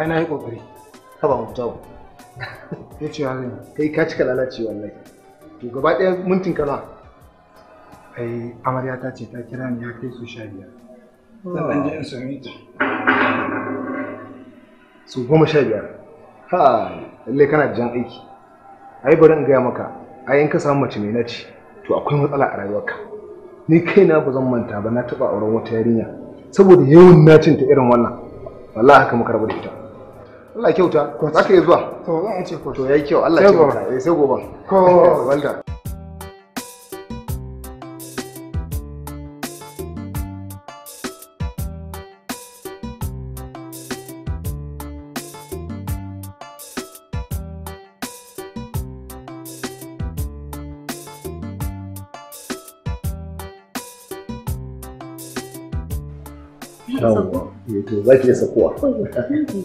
ai na yi kokari ka ba mu tawo ya ce ya zai kai ka cika lalaci wallahi to gaba ɗaya mintin ka ai amarya ta ce ta kira ni ya kai su sha biyar zan ɗan je in sami ta su goma sha biyar ha lallai kana jan aiki ai bari in gaya maka ai in ka samu mace mai naci to akwai matsala a rayuwarka ni kaina ba zan manta ba na taɓa auren wata yarinya saboda yawan nacin ta irin wannan wallahi haka muka rabu da ita Allah kyauta za ka iya zuwa to zan ko to yayi kyau Allah kyauta eh, sai gobe ko walda Yawwa, eh, to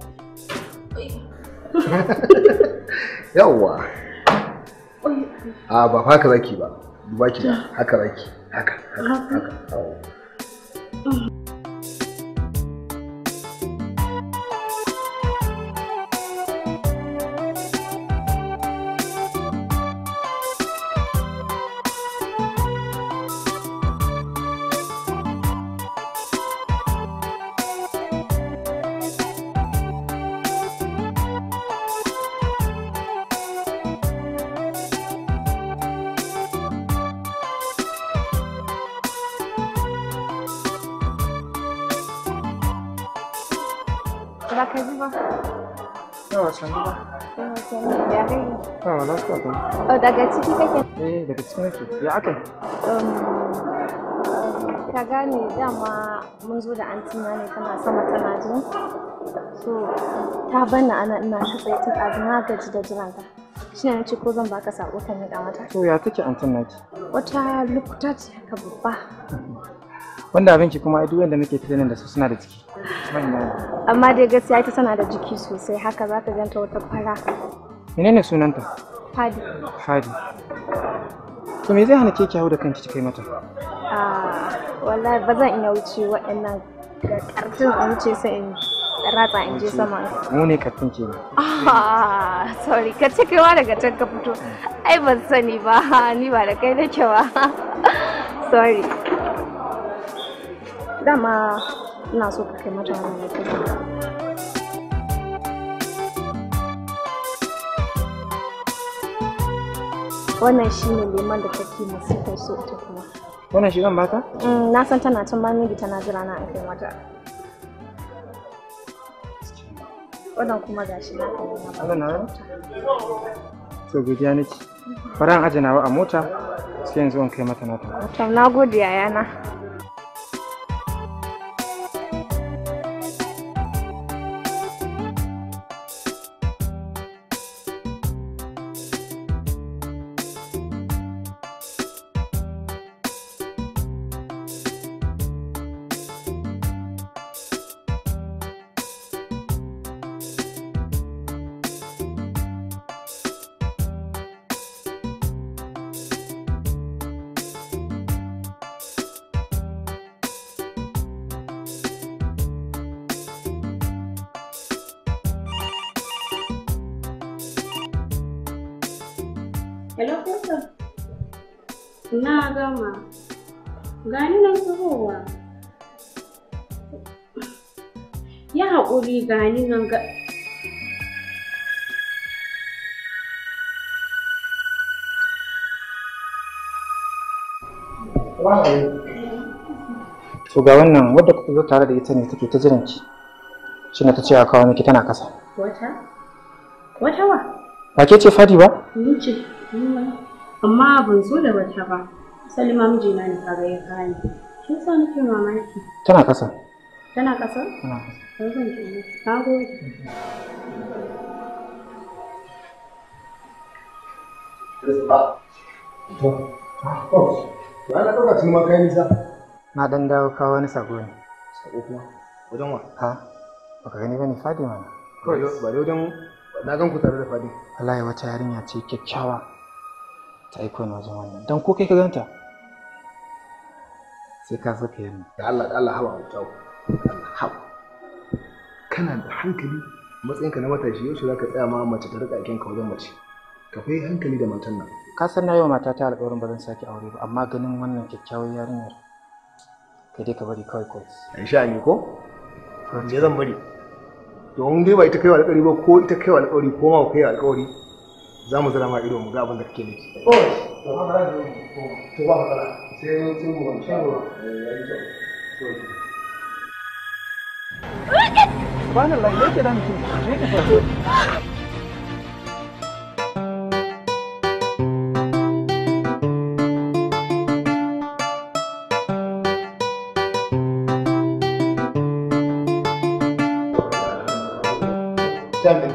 yawwa a ah, ba haka zaki ba ba ki haka zaki haka haka haka ki ya aka um, ka gane dama mun zo da antina ne tana sama tana jin so ta bana ana ina ta tsaye tun a na gaji da jiranta shi ne ce ko zan baka sako ka ne mata to ya take antin naki wata lokuta ce haka babba wanda abinci kuma duk wanda nake tunanin da su suna da ciki amma dai gaskiya ita tana da jiki sosai haka za ka ganta wata fara menene sunanta fadi fadi to me zai hana ke hau da kanki kai mata ah wallahi ba zan iya wuce waɗannan ga karfin in wuce sai in ratsa in je sama mu ne kafin ke ne ah sorry ka ce kaiwa daga can ka fito ai ban sani ba ni ba da kai nake ba sorry dama ina so ka kai mata wani mutum wannan shi ne lemon da ta take masifar so ita kuma wannan shi zan baka mm, na san tana can bayan miji tana jira na aikin mata wannan kuma shi na kai na wannan na to godiya nake na ajinawa a mota sai yanzu an kai mata nata na nagode yana. hello Faisal na gama gani nan zubowa ya haƙuri gani nan ga To ga wannan wadda kuka zo tare da ita ne take ta jiran ki. Shi ta ce a kawo miki tana kasa. Wata? Wata wa? Ba ke ce fadi ba? Ni ce. amma ban so da wata ba salima mijina ne kaga ya kani shi yasa nake mamaki tana kasa tana kasa tana kasa zan ji na gode Rana ɗauka tuni ma kayan nisa. Na ɗan dawo kawo wani sako ne. Sako kuma? Wajen wa? Ha? Baka gani ba ne Fadi mana. Kawai ba dai wajen na gan ku tare da Fadi. Wallahi wata yarinya ce kyakkyawa. ta yi kawai wajen wannan don ko kai ka ganta sai ka saka yana da Allah da Allah hawa wuta Allah hawa kana da hankali matsayinka na matashi yau za ka tsaya ma mace ta rika aikin wajen mace ka fi hankali da matan nan ka san na yi wa mata ta alƙawarin ba zan sake aure ba amma ganin wannan kyakkyawar yarinyar ka dai ka bari kawai kawai in sha ne ko me zan bari domin dai ba ita kaiwa alƙawari ba ko ita kaiwa alƙawari ko ma kai alƙawari za mu zira ma ido mu ga abin da kake nufi to ba matsala to ba matsala sai sai mu wancan ruwa eh, da mutum?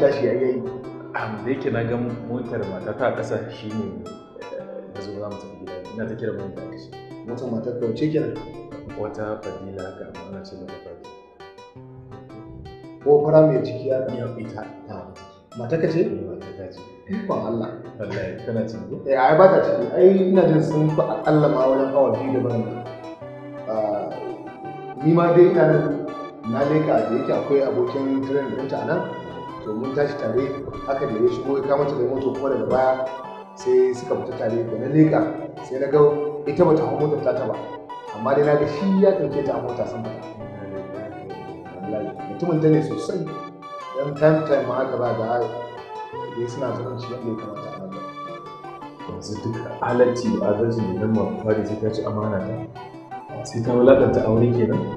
tashi yayi da yake na ga motar mata ta ƙasa shi ne da eh, zo za mu tafi gida ina ta kira mun baki shi motar mata ta wuce kenan wata fadila ga amma ce mata fadila ko fara mai ciki ya ɗan ita ta mata ka ce? Eh, mata ka ce ikon Allah wallahi tana cin ko? eh ai ba ta ciki ai ina jin sun fi aƙalla ma wajen awa biyu da ban ah, ni ma dai ina nan na leka da yake akwai abokin tirin ɗinta nan Domin mun tashi tare haka da ya shigo ya kama ta da moto kuma daga baya sai suka fita tare da na leka, sai na ga ita bata hau motar ta ba amma dai na ga shi ya ɗauke ta a mota sun fita mutumin ta ne sosai dan time time ma haka ba da dai suna zumunci yadda ya kamata a nan yanzu duk halarci da adalci da nan mafafa da sai ta ci amana ta sai ta wulakanta aure kenan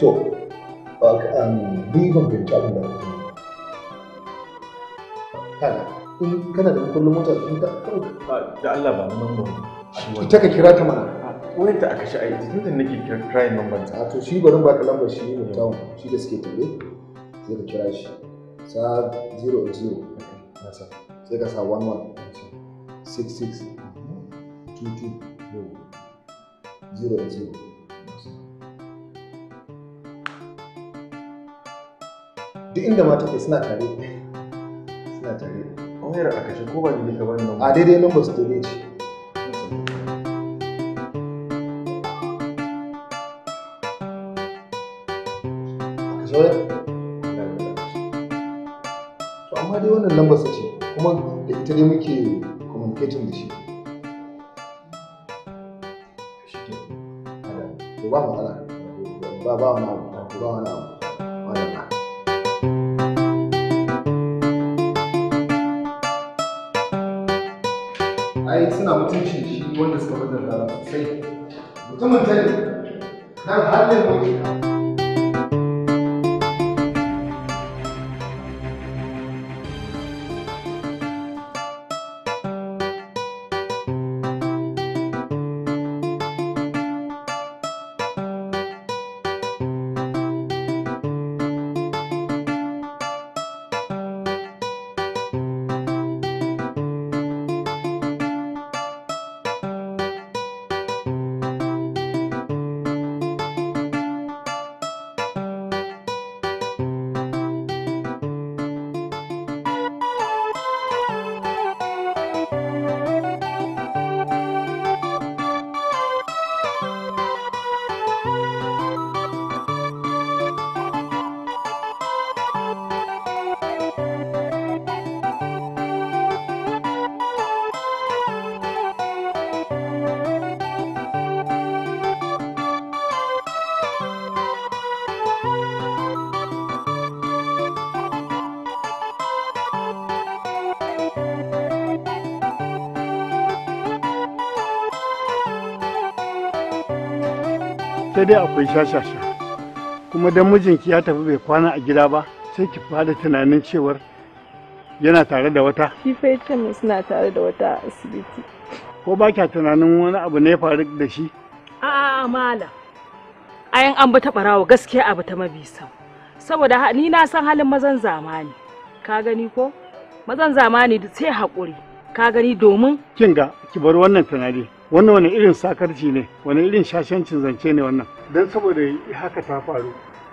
to ni ban fahimci abin da kake kana in kana da kullum mota in ta da Allah ba nan ba ita ka kira ta mana wayar da aka sha aiki tun da nake kira crying number ta to shi barin baka lambar shi ne tawo shi da suke tare sai ka kira shi sa 00 sai ka sa 11 66 22 zero. duk inda mata ke suna tare suna tare wayar a kashe ko ba ne ka bani ba. a daidai number storage shi. To amma dai wannan lambar ce kuma da ita dai muke communicating da shi. a l e l ita dai akwai shashasha kuma dan mijinki ya tafi bai kwana a gida ba sai ki fada tunanin cewar yana tare da wata shi fa yace min suna tare da wata asibiti ko ba kya tunanin wani abu ne ya faru da shi a'a mala ayan an bata ta barawa gaskiya abu ta mabisa saboda ni na san halin mazan zamani ka gani ko mazan zamani sai haƙuri ka gani domin kin ga ki bar wannan tunani wannan wani irin sakarci ne wani irin shashancin zance ne wannan don saboda haka ta faru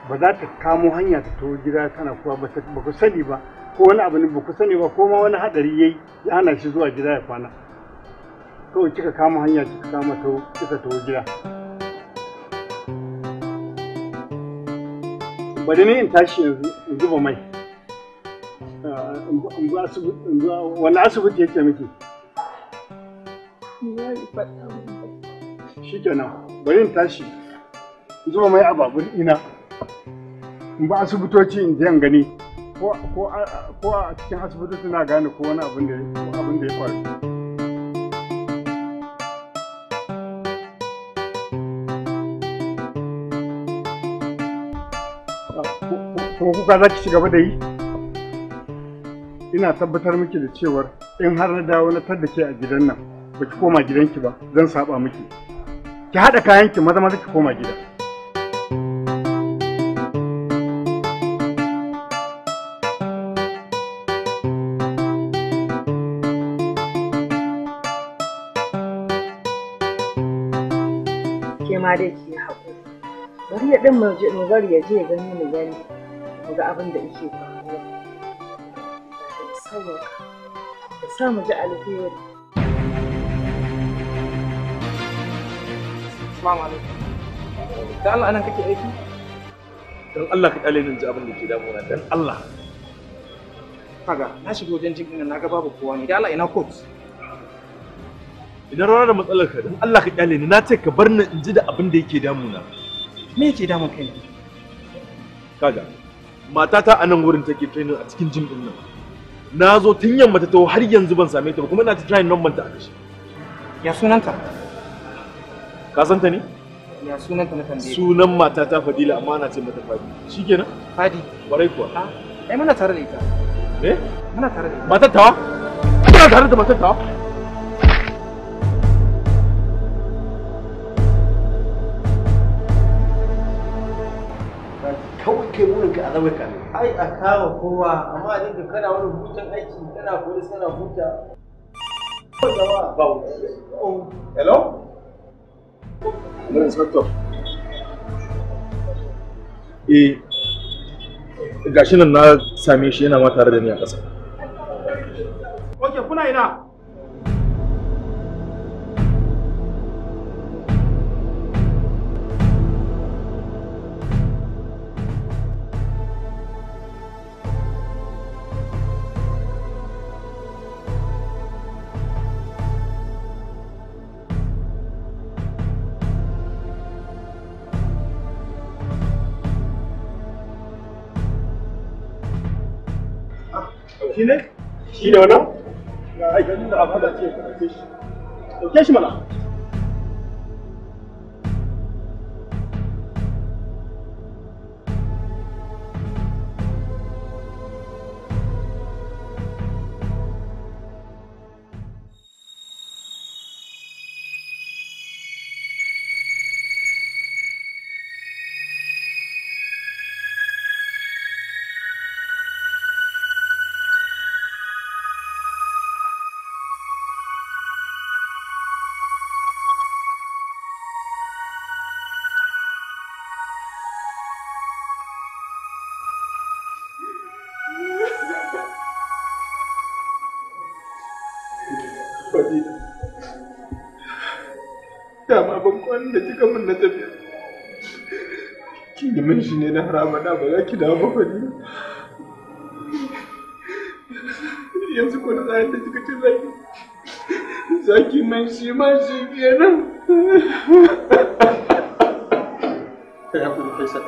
ba za ta kamo hanya ta to gida tana kuwa ba ku sani ba ko wani abu ne ba ku sani ba ko ma wani hadari yayi ya ana shi zuwa gida ya kwana kawai kika kamo hanya kika kama ta kika ta gida bari ne in tashi yanzu in zuba mai ah, wani asibiti yake miki Shikenan yi shi kenan bari in tashi zuwa mai ababun ina in ba asibitoci in je in gani ko a cikin asibitoci na gane ko wani abin da ya faru kuma kuka za ki ci gaba da yi ina tabbatar miki da cewar in har na dawo na tar da ke a gidan nan ba ki koma gidanki ba zan saba miki ki haɗa kayanki maza maza ki koma gida ke dai ki haƙuri bari ya ɗin mu bari ya je gani mu gani mu ga abin da yake faruwa saboda sa mu ji alheri Assalamu alaikum. Da Allah anan kake aiki? Dan Allah ka kale min ji abin da ke damuna dan Allah. Kaga na shiga wajen jin ina na ga babu kowa ne. Da Allah ina court. Idan rana da matsalar ka dan Allah ka kale ni na ce ka bar ni in ji da abin da yake damuna. Me yake damun kai ne? Kaga matata a nan wurin take training a cikin jin din nan. Na zo tun yamma ta taho har yanzu ban same ta ba kuma ina ta trying nan manta a kashi. Ya sunanta? ka san ta ne ya sunan ta na kan sunan mata ta fadila amma ana ce mata fadi shikenan fadi Kwarai kuwa ai muna tare da ita eh muna tare da ita matar tawa muna tare da matar tawa kawai kai burin ka azamai ka ne ai a kawo kowa amma a dinka kana wani hutun aiki kana kuri kana huta hello na eh gashi nan na same shi yana ma tare da ni a ƙasa ok kuna ina shi ne shi ne wannan ga aikin da abin da ce shi mana na ramana ba za ki dawo ba fadila yanzu na tsarin da zaki zaki shi ma shi kenan ya fesa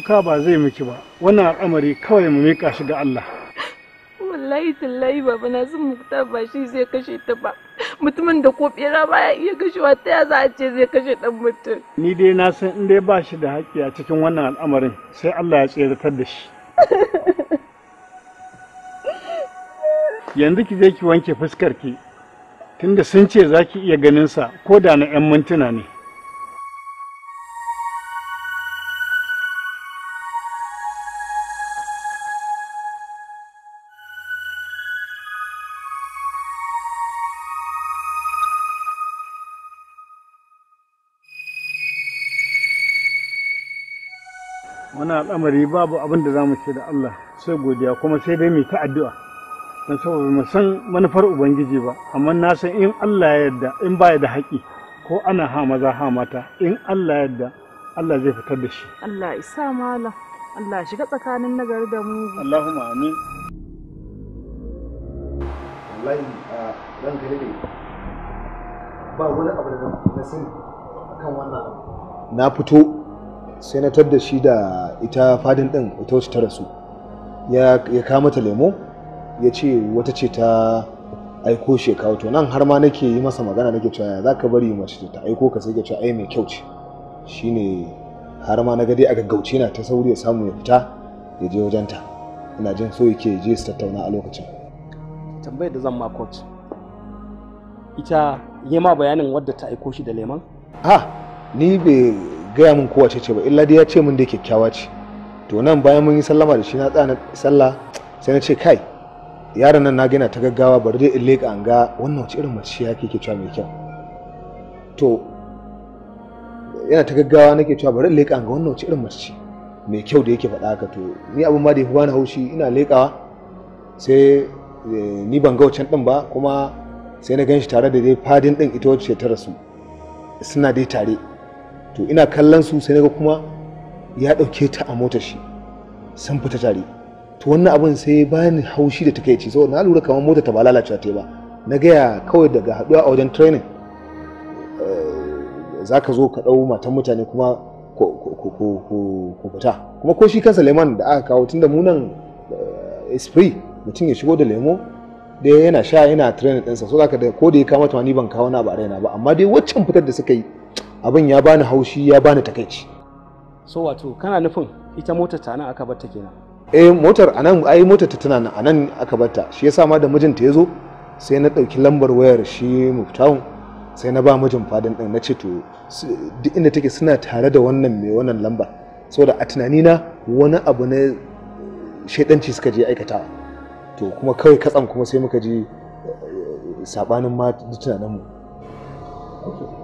kuka ba zai miki ba wannan al'amari kawai mu miƙa shi ga Allah wallahi tallahi baba na sun muktar ba shi zai kashe ta ba mutumin da ko bera baya iya kashewa ta ya za a ce zai kashe dan mutum ni dai na san in dai ba shi da haƙƙi a cikin wannan al'amarin sai Allah ya tseratar da shi yanzu ki je ki wanke fuskar ki tunda sun ce za ki iya ganin sa ko da na 'yan mintuna ne al'amari babu abin da za mu ce da Allah sai godiya kuma sai dai mai ta addu'a don saboda mu san manufar ubangiji ba amma na san in Allah ya yarda in baya da haƙi ko ana ha maza ha mata in Allah ya yarda Allah zai fitar da shi Allah isa mala Allah shiga tsakanin nagari da mu Allahumma amin wallahi a ran gare ne ba wani abu da na sani kan wannan na fito sai na tar da shi da ita fadin din ita wasu ta rasu ya kama ta lemo ya ce wata ce ta aiko shi to nan har ma nake yi masa magana nake cewa za ka bari mace ta aiko ka sai ka ce ai mai kyau ce shine har ma na ga dai a gaggauce na ta sauri ya samu ya fita ya je wajenta ina jin so yake je su tattauna a lokacin tambayar da zan ma coach ita yema bayanin wadda ta aiko shi da leman ha ah, ni bai gaya min kowace ce ba illa dai ya ce min da kyakkyawa ce to nan bayan mun yi sallama da shi na tsana sallah sai na ce kai yaron nan na gina ta gaggawa bari dai in leka an ga wannan wace irin mace ya ke cewa mai kyau to yana ta gaggawa nake cewa bari in leka an ga wannan wace irin mace mai kyau da yake faɗa haka to ni abin ma da yafi bani haushi ina lekawa sai eh, ni ban ga wancan ɗin ba kuma sai na ganshi tare da dai fadin ɗin ita wacce ta rasu suna dai tare to ina kallon su sai naga kuma ya dauke ta a motar shi sun fita tare to wannan abin sai ya bani haushi da takaici saboda na lura kamar motar ta ba lalacewa ta ba na gaya kawai daga haduwa a wajen training eh, za zo ka ɗau matan mutane kuma ku fita kuma ko shi kansa lemon da aka kawo tunda munan esprit eh, mutum ya shigo da lemo da yana sha yana training ɗinsa so zaka da ko da ya kama tunani ban kawo na ba raina ba amma dai waccan fitar da suka yi abin ya bani haushi ya bani takaici so wato kana nufin ita motar ta nan aka bar ta kenan eh motar anan ai motar ta tana nan anan aka bar ta shi yasa ma da mijinta ya zo sai na ɗauki lambar wayar shi muftawun sai na ba mijin fadin ɗin nace ce to duk inda take suna tare da wannan mai wannan lamba saboda a tunani na wani abu na shaidanci suka je aikata to kuma kawai katsan kuma sai muka ji eh, sabanin ma tunaninmu. mu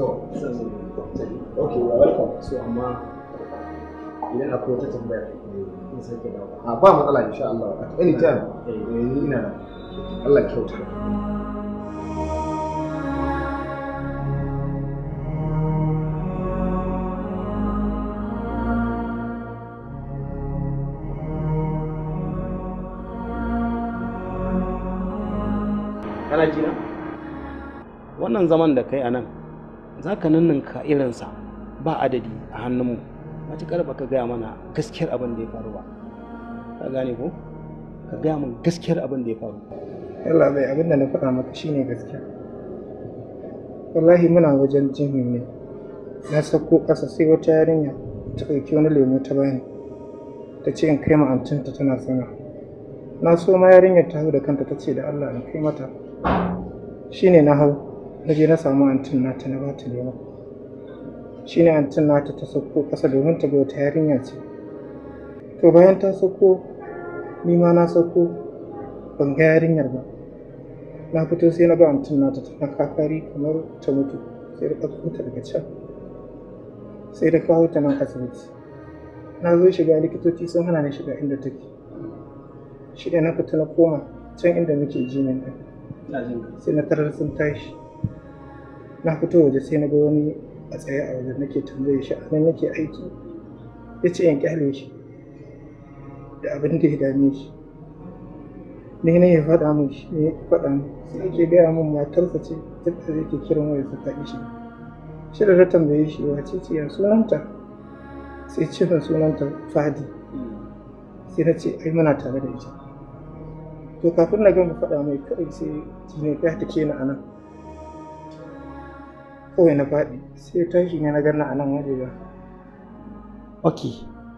to ok you are welcome so amma idan ah, ba matsala insha Allah at eh, wannan zaman da kai a nan za ka ka irinsa ba adadi a hannunmu matuƙar ba ka gaya mana gaskiyar abin da ya faru ba ka gane ko ka gaya min gaskiyar abin da ya faru yalla bai abin da na faɗa maka shine gaskiya wallahi muna wajen jihin ne na sako ƙasa sai wata yarinya ta ɗauki wani lemu ta bani ta ce in kai ma antinta tana sana na so ma yarinyar ta hau da kanta ta ce da allah in kai mata shine na hau na je na samu antin nata na bata lemu shine antin nata ta sauko ƙasa domin ta ga yarinya ce to bayan ta sauko ni ma na sauko ban ga yarinyar ba na fito sai na ga antin nata tana kakari kamar ta mutu sai da kafa ta daga can sai da kawo ta nan asibiti na zo shiga likitoci sun hana ni shiga inda take shi da na fita na koma can inda muke jinin nan sai na tarar sun tashi na fito waje sai na ga wani a tsaye a wajen nake tambaye shi a nan nake aiki ya ce in kyale shi da abin da ya dame shi ne ne ya faɗa min shi ne ya faɗa min sai yake gaya min matarsa ce da yake kiran waya ta faɗi shi da ta tambaye shi wace ce ya sunanta sai ce ta sunanta fadi sai na ce ai muna tare da ita to kafin na gama faɗa mai kai sai jini ta take ni a nan kawai na faɗi sai tashi ne na ganna a nan wajewa ok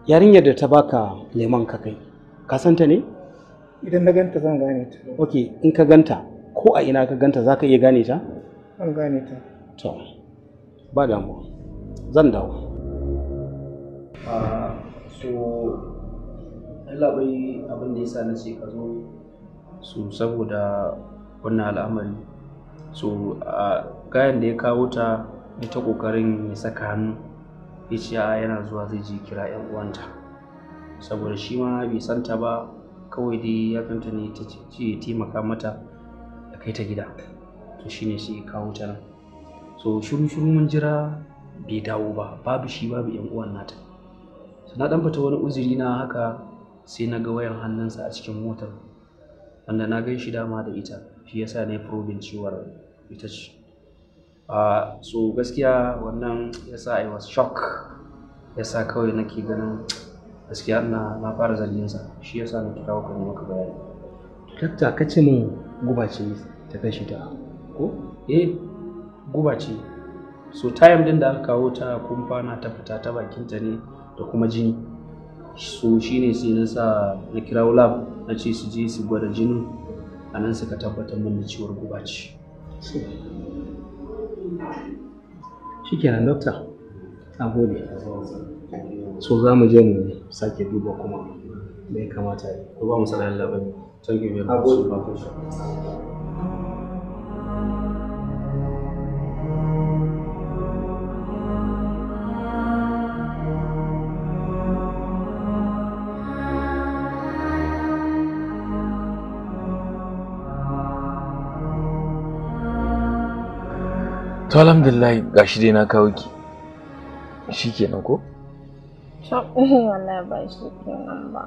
yarinyar da ta baka leman ka kai ka santa ne idan na ganta zan gane ta ok in ka ganta ko a ina ka ganta za ka iya gane ta an gane ta to ba damuwa zan dawo ah, so Allah bai abin da yasa na ce ka zo so saboda wannan al'amari so ah, kayan da ya kawo ta ya ta ƙoƙarin ya saka hannu ya ce yana zuwa zai je kira 'yan uwanta saboda shi ma bai san ta ba kawai dai ya kanta ne ta ce ya taimaka mata ya kai ta gida to shi ne sai ya kawo ta nan so shiru shiru mun jira bai dawo ba babu shi babu 'yan uwan nata na dan fita wani uzuri na haka sai na ga wayan hannunsa a cikin motar wanda na gan shi dama da ita shi yasa na yi probin cewar ita ce so gaskiya wannan ya sa i was shock ya sa kawai nake ganin gaskiya ina na fara zargin sa shi ya sa na kira ku ne maka bayani dakta ka ce min guba ta kashi ta ko eh guba so tayam din da aka kawo ta kumfana ta fita ta bakinta ne da kuma jini so shine sai na sa na kira lab na ce su je su gwada jinin a nan suka tabbatar mun da ciwon guba shikenan dokta a gode so za mu je mu sake duba kuma me kamata yi ko ba mu sanar labai thank you very much to alhamdulillah gashi dai na kawo ki shikenan ko wallahi ba kenan ba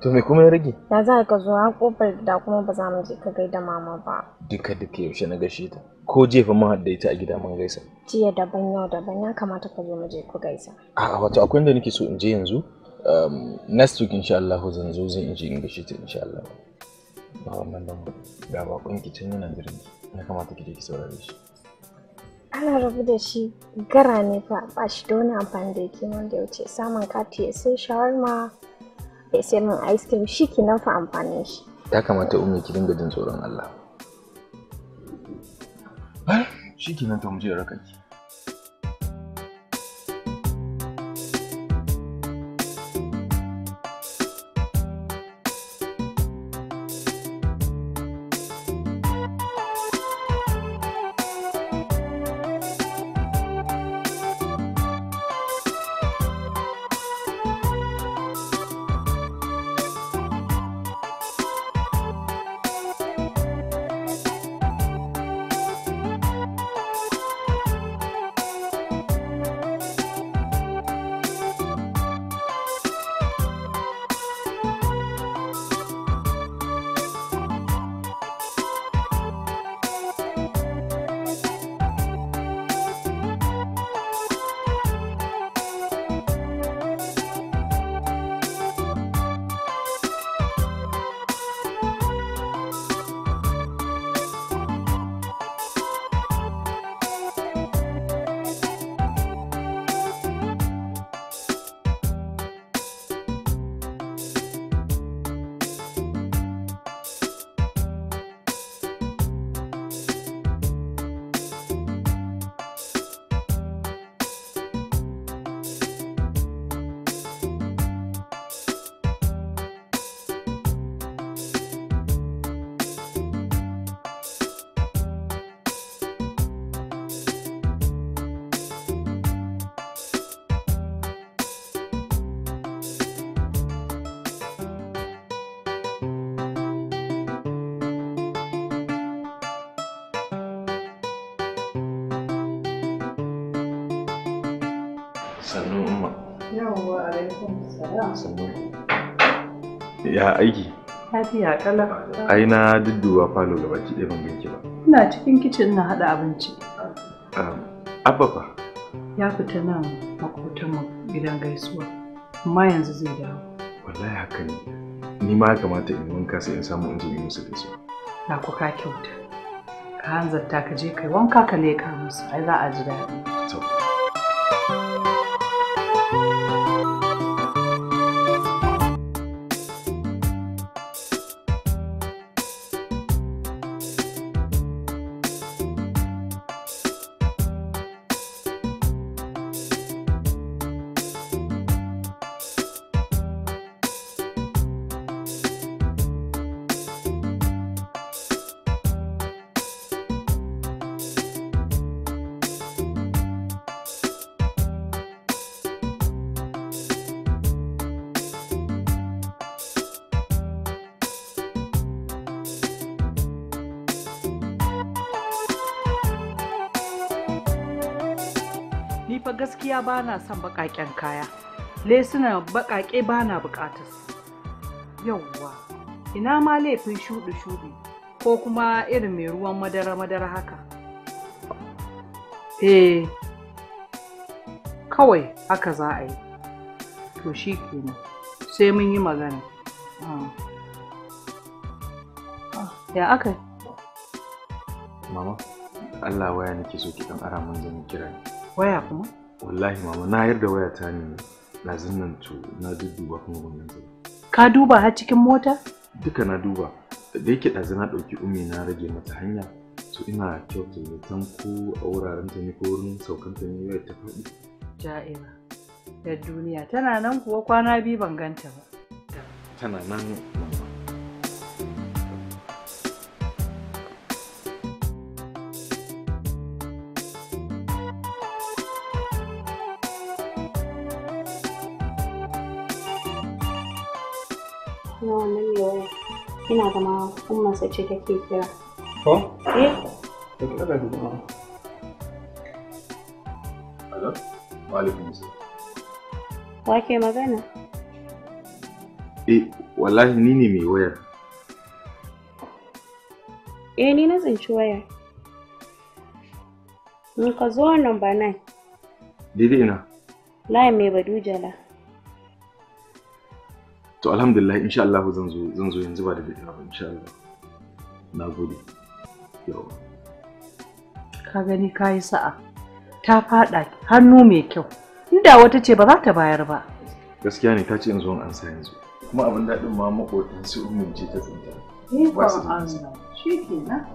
to me kuma ya rage ya za ka zo a kofar da kuma ba za mu je ka gaida mama ba duka duka yaushe na gashi ta ko jefa mun ita a gida mun gaisa jiya daban yau daban ya kamata ka zo mu je ku gaisa a'a wato akwai inda nake so in je yanzu um, next week insha Allah zan zo zan je in gashi ta insha Allah ba wannan da ga kun kicin yana jiran ya kamata ki je ki saurare shi ana rabu da shi gara ne fa ba shi da wani amfani da yake wanda ya wuce samun kati ya sai shawarma ya sai min ice cream shi nan fa amfanin shi Ta kamata umu ki dinga jin tsoron Allah shi ke nan ta mu je raka ki sannu umma yawwa alaikum salam sannu ya aiki lafiya kala ai na falo gaba ki ɗaya ban ganki ba ina cikin kicin na haɗa abinci ah, abba ya fita nan makotan gidan gaisuwa amma yanzu zai dawo wallahi haka ne ni ma kamata in wanka sai in samu injin musu da su na ku ka kyauta ka hanzarta ka je kai wanka ka leka musu ai za a ji daɗi gaskiya ba na son bakaken kaya lesuna bakake ba na buƙatar su yauwa ina ma laifin shudu shudu ko kuma irin mai ruwan madara-madara haka eh kawai haka za a yi to shi kenan sai mun yi magana ah. Ah, ya aka yi mama allah waya nake so ki dan ara mun zan kira waya kuma wallahi mama na yarda wayata ne na zinnan to na dudduba kuma ban yanzu ka duba har cikin mota duka na duba da yake ɗazu na ɗauki umi na rage mata hanya to ina kyauta da ko a wuraren ta ne ko wurin saukan ta ne wayar ta faɗi ja'ira da duniya tana nan kuwa kwana biyu ban ganta ba tana nan na wannan mai waya ina da ma ummarsa ce take kira eh? kira wa ke magana eh wallahi ni ne mai wayar eh ni na tsinci wayar ni ka zo nan ba nan ina layin mai badu jala to alhamdulillah insha Allah zan zo zan zo yanzu ba da daɗewa ba insha Allah na gode yawa ka gani ka yi sa'a ta faɗa hannu mai kyau inda wata ce ba za ta bayar ba gaskiya ne ta ce yanzu an sa yanzu kuma abin daɗin ma maƙotan su umin ce ta tsinta eh, ba su da shi kenan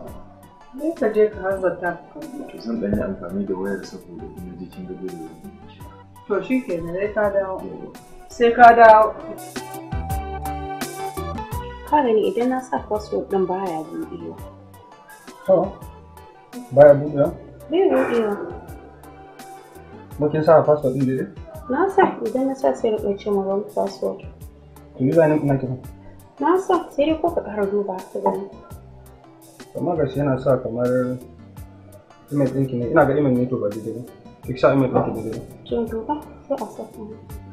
ne ka je ka hanzarta ka to zan ɗan yi amfani da wayar saboda kuma jikin gado da to shi kenan sai ka dawo sai ka dawo ka gani idan na sa password din baya buɗewa to baya buɗewa bai buɗewa mukin sa password din dai na sa idan na sa sai rika ce wrong password to yi zanen kuma kina na sa sai dai ko ka ƙara duba ka gani kamar gashi yana sa kamar email ɗinki ne ina ga email ne to ba daidai ba ki sa email ɗinki daidai to duba sai a sa